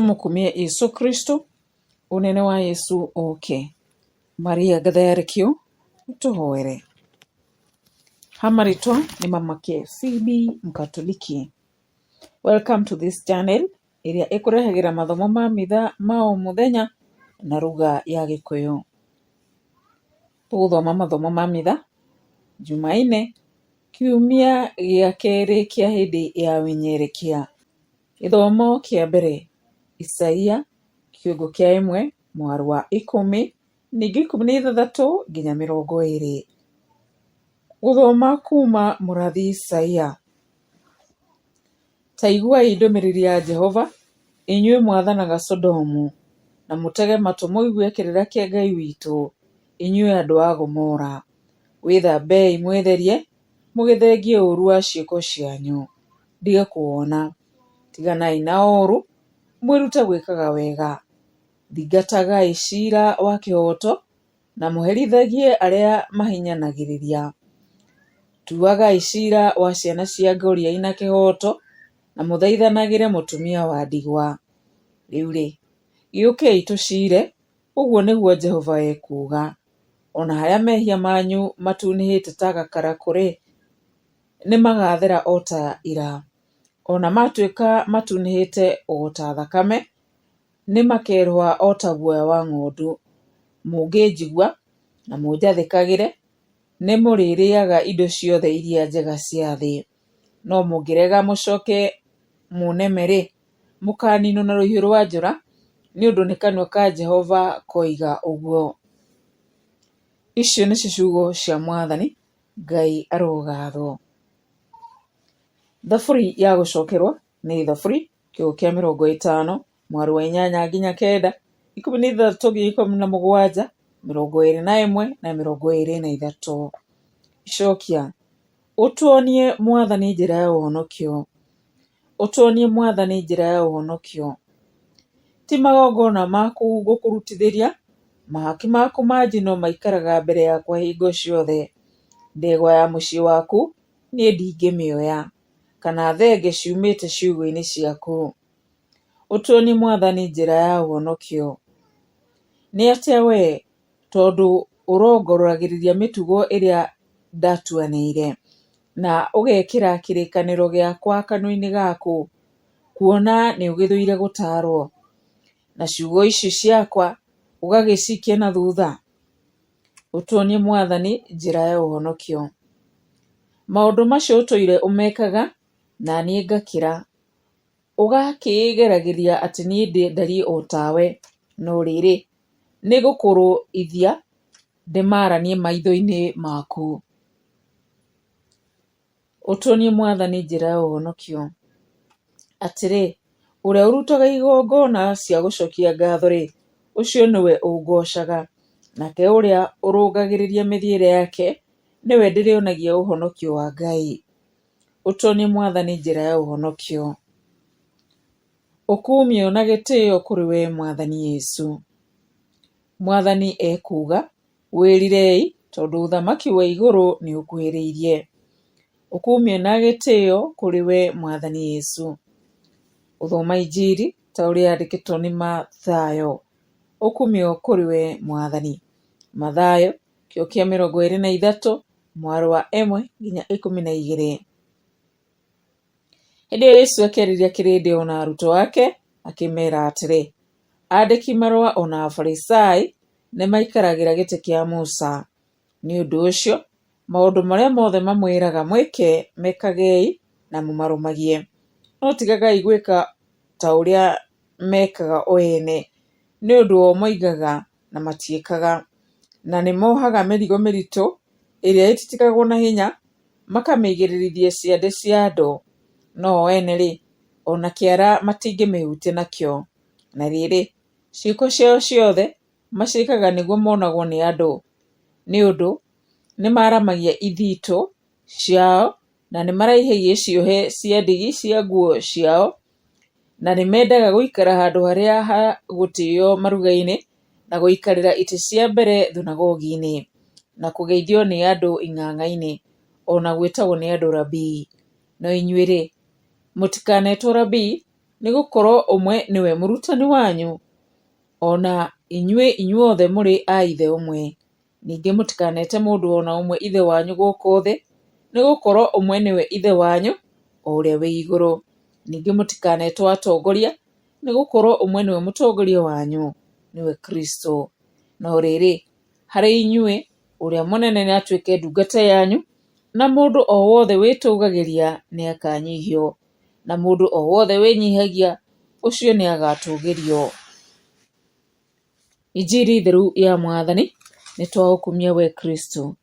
tumukumie Yesu Kristo unene wa Yesu oke Maria gatherikio tuhoere hamaritwa ni mama ke mkatoliki welcome to this channel iria ikurehagira mathomo ma mitha ma o muthenya na ruga ya gikuyu tuguthoma mathomo ma mitha jumaine kiumia gia keri kia hindi ya winyerekia githomo kia mbere Isaia kĩongo kĩa ĩmwe mwaru wa ikũmi ningĩ ikũmi na ithathatũ nginya mĩrongo ĩĩrĩ gũthoma kuuma mũrathi Isaia ta iguai ndũmĩrĩri ya Jehova inyuĩ mwathanaga Sodomu na mũtege matũ mũigue kĩrĩra kĩa Ngai witũ inyuĩ andũ a Gomora mbei mwĩtherie mũgĩthengie ũũru wa ciĩko cianyu ndige kuona tiganai na ũũru mwĩrute gwĩkaga wega thingataga icira wa kĩhooto na mũherithagie arĩa mahinyanagĩrĩria tuaga icira wa ciana cia ngoriai na kĩhooto na mũthaithanagĩre mutumia wa ndigwa riuri rĩ gĩũkei tũciire ũguo nĩguo jehova ekuuga ona harĩa mehia manyu matunĩhĩte ta gakarakũ-rĩ magathera o ta ira ona matuĩka matunĩhĩte o ta thakame ni makerwa ota ta guoya wa ng'ondu mũngĩnjigua na mũnjathĩkagĩre ni mũrĩrĩaga indo ciothe iria njega cia thĩ no mũngĩrega mũcoke mũneme mukanino na rũhiũ rwa njora ni undu ni kanua ka Jehova koiga uguo icio nĩcio ciugo cia Mwathani Ngai arogathwo thaburi ya gũcokerwo nĩ thaburi kiugũ kĩa mĩrongo ĩtano mwari wa inyanya nginya kenda ikũmi na ithatũ nginya ikũmi na mũgwanja mĩrongo ĩrĩ na ĩmwe na mĩrongo ĩrĩ na ithatũ icokia ũtuonie mwathani njĩra ya ũhonokio ũtuonie mwathani njĩra ya ũhonokio ti magongona maku gũkũrutithĩria mahaki maku ma njino maikaraga mbere yakwa hingo ciothe ndegwa ya mũciĩ waku niĩ ndingĩmĩoya kana thenge ciumite ciugo ini ciaku ũtuonie mwathani njĩra ya ũhonokio ni atĩa wee tondũ ũrongoragĩrĩria mĩtugo ĩrĩa ndatuanĩire na ugekira kirikaniro gĩakwa kanua-inĩ gaku kuona ni ugithuire gũtaarwo na ciugo icio ciakwa ũgagĩcikia na thutha ũtuonie mwathani njĩra ya ũhonokio maũndũ macio ũtũire umekaga na niĩ ngakira ũgakĩĩgeragĩria atĩ niĩ ndarĩ o tawe no rĩrĩ ithia ngũkũrũithia ni maitho ini maku ũtuonie mwathani njĩra ya ũhonokio atĩrĩ ũrĩa igongo na cia gucokia ngatho ucio ũcio nĩwe ũngoocaga nake ũrĩa ũrũgagĩrĩria mĩthiĩre yake ndiri onagia ũhonokio wa ngai ũtuonie mwathani njĩra ya ũhonokio ũkumio na gĩtĩĩo kũrĩ we mwathani yesu mwathani ekuuga wĩrirei tondũ ũthamaki wa igũrũ ni ũkuhĩrĩirie ũkumio na gĩtĩĩo kũrĩ we mwathani yesu uthoma injiri ta ũrĩa yandĩkĩtwo nĩ mathayo ũkumio kũrĩ we mwathani mathayo kĩo kĩa mĩrongo ĩrĩ na ithatũ mwaro wa emwe nginya ikũmi na igĩrĩ hĩndĩ ĩyo yesu akĩarĩria kĩrĩndĩ ona arutwo ake akĩmeera atĩrĩ andĩki marũa ona afarisai nĩ maikaragĩra gĩtĩ kĩa musa nĩ ũndũ ũcio maũndũ marĩa mothe mamwĩraga mwĩke mekagei na mũmarũmagie no tigagai gwĩka ta ũrĩa mekaga o ene nĩ ũndũ o moigaga na matiĩkaga na nĩ mohaga mĩrigo mĩritũ ĩrĩa ĩtitikagwo na hinya makamĩigĩrĩrithia ciande cia andũ no ene-rĩ ona kĩara matingĩmĩhutia nakĩo. Na rĩrĩ, ciĩko ciao ciothe maciĩkaga nĩguo monagwo nĩ andũ, nĩ ũndũ maramagia ithitũ ciao na nĩmaraihagia ciohe cia ndigi cia nguo ciao, na nĩmendaga gũikara handũ harĩa ha gũtĩĩo maruga-inĩ na gũikarĩra itĩ cia mbere thunagogi-inĩ, na kũgeithio nĩ andũ ing'ang'a-inĩ, o na gwĩtagwo nĩ andũ Rabii. No inyuĩ-rĩ, mũtikanetwo Rabii, nĩ gũkorwo ũmwe nĩwe mũrutani wanyu, ona na inyuĩ inyuothe mũrĩ a Ithe ũmwe. Ningĩ mũtikanete mũndũ ona na ũmwe ithe wanyu gũkũ thĩ, nĩ gũkorwo ũmwe nĩwe Ithe wanyu, o ũrĩa wĩ igũrũ. Ningĩ mũtikanetwo atongoria, nĩ gũkorwo ũmwe nĩwe mũtongoria wanyu, nĩwe Kristũ. No rĩrĩ, harĩ inyuĩ, ũrĩa mũnene nĩatuĩke ndungata yanyu, na mũndũ o wothe wĩtũgagĩria akanyihio na må ndå o wothe wä nyihagia å cio nä agatå gä rio injiri theru ya mwathani nä twaå kumia we kristo